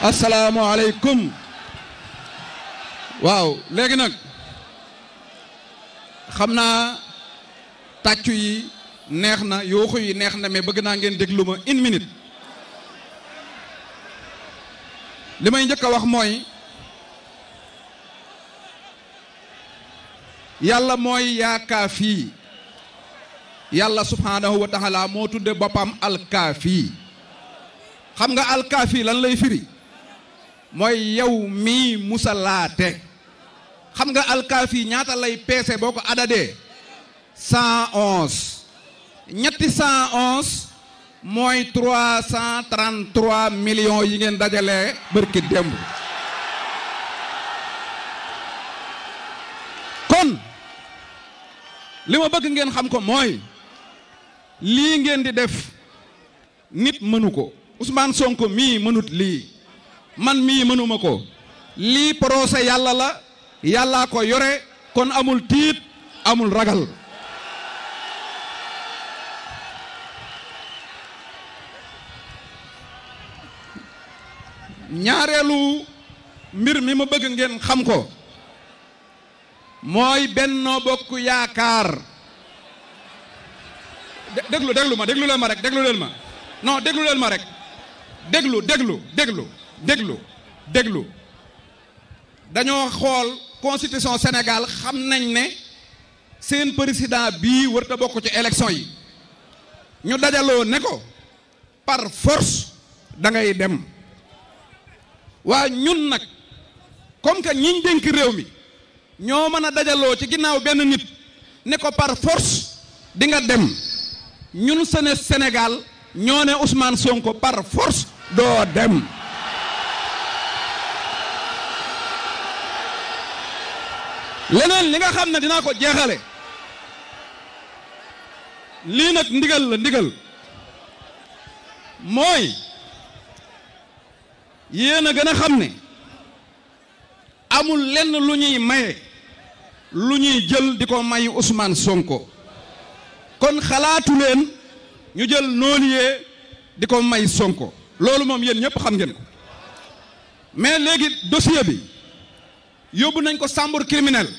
asalaamualeykum waaw léegi nag xam naa tàccu yi neex na yooxu yi neex na mais bëgg naa ngeen déglu ma une minute li may njëkk a wax mooy yàlla mooy yaakaafi yàlla subhaanahu wa taala moo tudde boppam alkaafi xam nga alkaafi lan lay firi mooy yow mii musalaate xam nga alkaafi ñaata lay peese boo ko adadee ñetti cent onze mooy trois cent trente trois yi ngeen dajale bërki démb kon li ma bëgg ngeen xam ko mooy lii ngeen di def nit mënu ko Ousmane Sonko mii mënut lii man mii mënuma ko lii porose yàlla la yàllaa ko yore kon amul tiit amul ragal ñaareelu mbir mi ma bëgg ngeen xam ko mooy Benno Bokk Yaakaar déglu déglu ma déglu leen ma rek déglu ma noo déglu ma rek déglu déglu déglu déglu déglu dañoo xool constitution Sénégal xam nañ ne seen président bii wërta bokk ci élection yi ñu dajaloo ne ko par force da ngay dem waa ñun nag comme que ñiñ dénk réew mi ñoo mën a dajaloo ci ginnaaw benn nit ne ko par force di nga dem ñun sene Sénégal ñoo ne Ousmane Sonko par force doo dem leneen li nga xam ne dinaa ko jeexale lii nag ndigal la ndigal mooy yéen a gën a xam ne amul lenn lu ñuy maye lu ñuy jël di ko may Ousmane Sonko kon xalaatu leen ñu jël nooliyee di ko may Sonko loolu moom yéen ñëpp xam ngeen ko mais léegi dossier bi yóbbu nañ ko chambre criminelle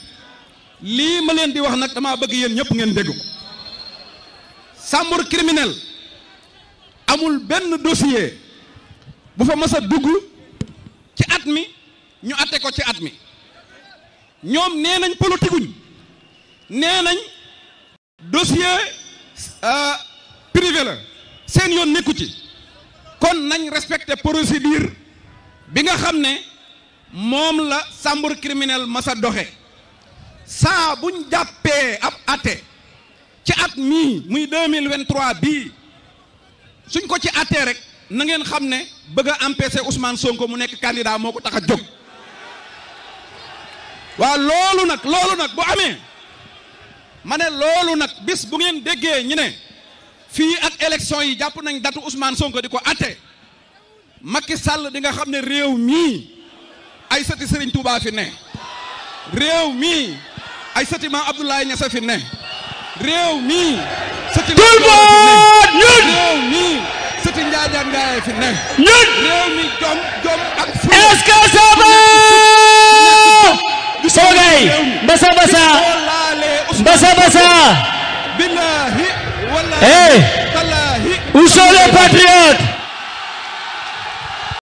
lii ma leen di wax nag damaa bëgg yéen ñëpp ngeen dégg ko chambre criminelle amul benn dossier bu fa mës a dugg ci at mi ñu atte ko ci at mi ñoom nee nañ politikuñ nee nañ dossier euh, privé la seen yoon nekku ci kon nañ respecté procédure bi nga xam ne moom la chambre criminelle masa doxe saa buñ jàppee ab atte ci at mii muy 2023 bii suñ ko ci attee rek na ngeen xam ne bëgg a empêcher Sonko mu nekk candidat moo ko tax a jóg waa loolu nag loolu nag bu amee ma ne loolu nag bis bu ngeen déggee ñu ne fii ak élection yi jàpp nañ datu Ousmane Sonko di ko atte Macky Sall di nga xam ne réew mii ay sëti Serigne Touba fi ne ay sëti Maam Abdoulaye Niass fi ne réew mii sëti Touba ñun réew mii sëti Njaajaan Njaay fi ne ñun réew mi jom jom ak fu est-ce que sama soogay basa basa basa basa billahi wallahi eh. talahi ou sont les patriotes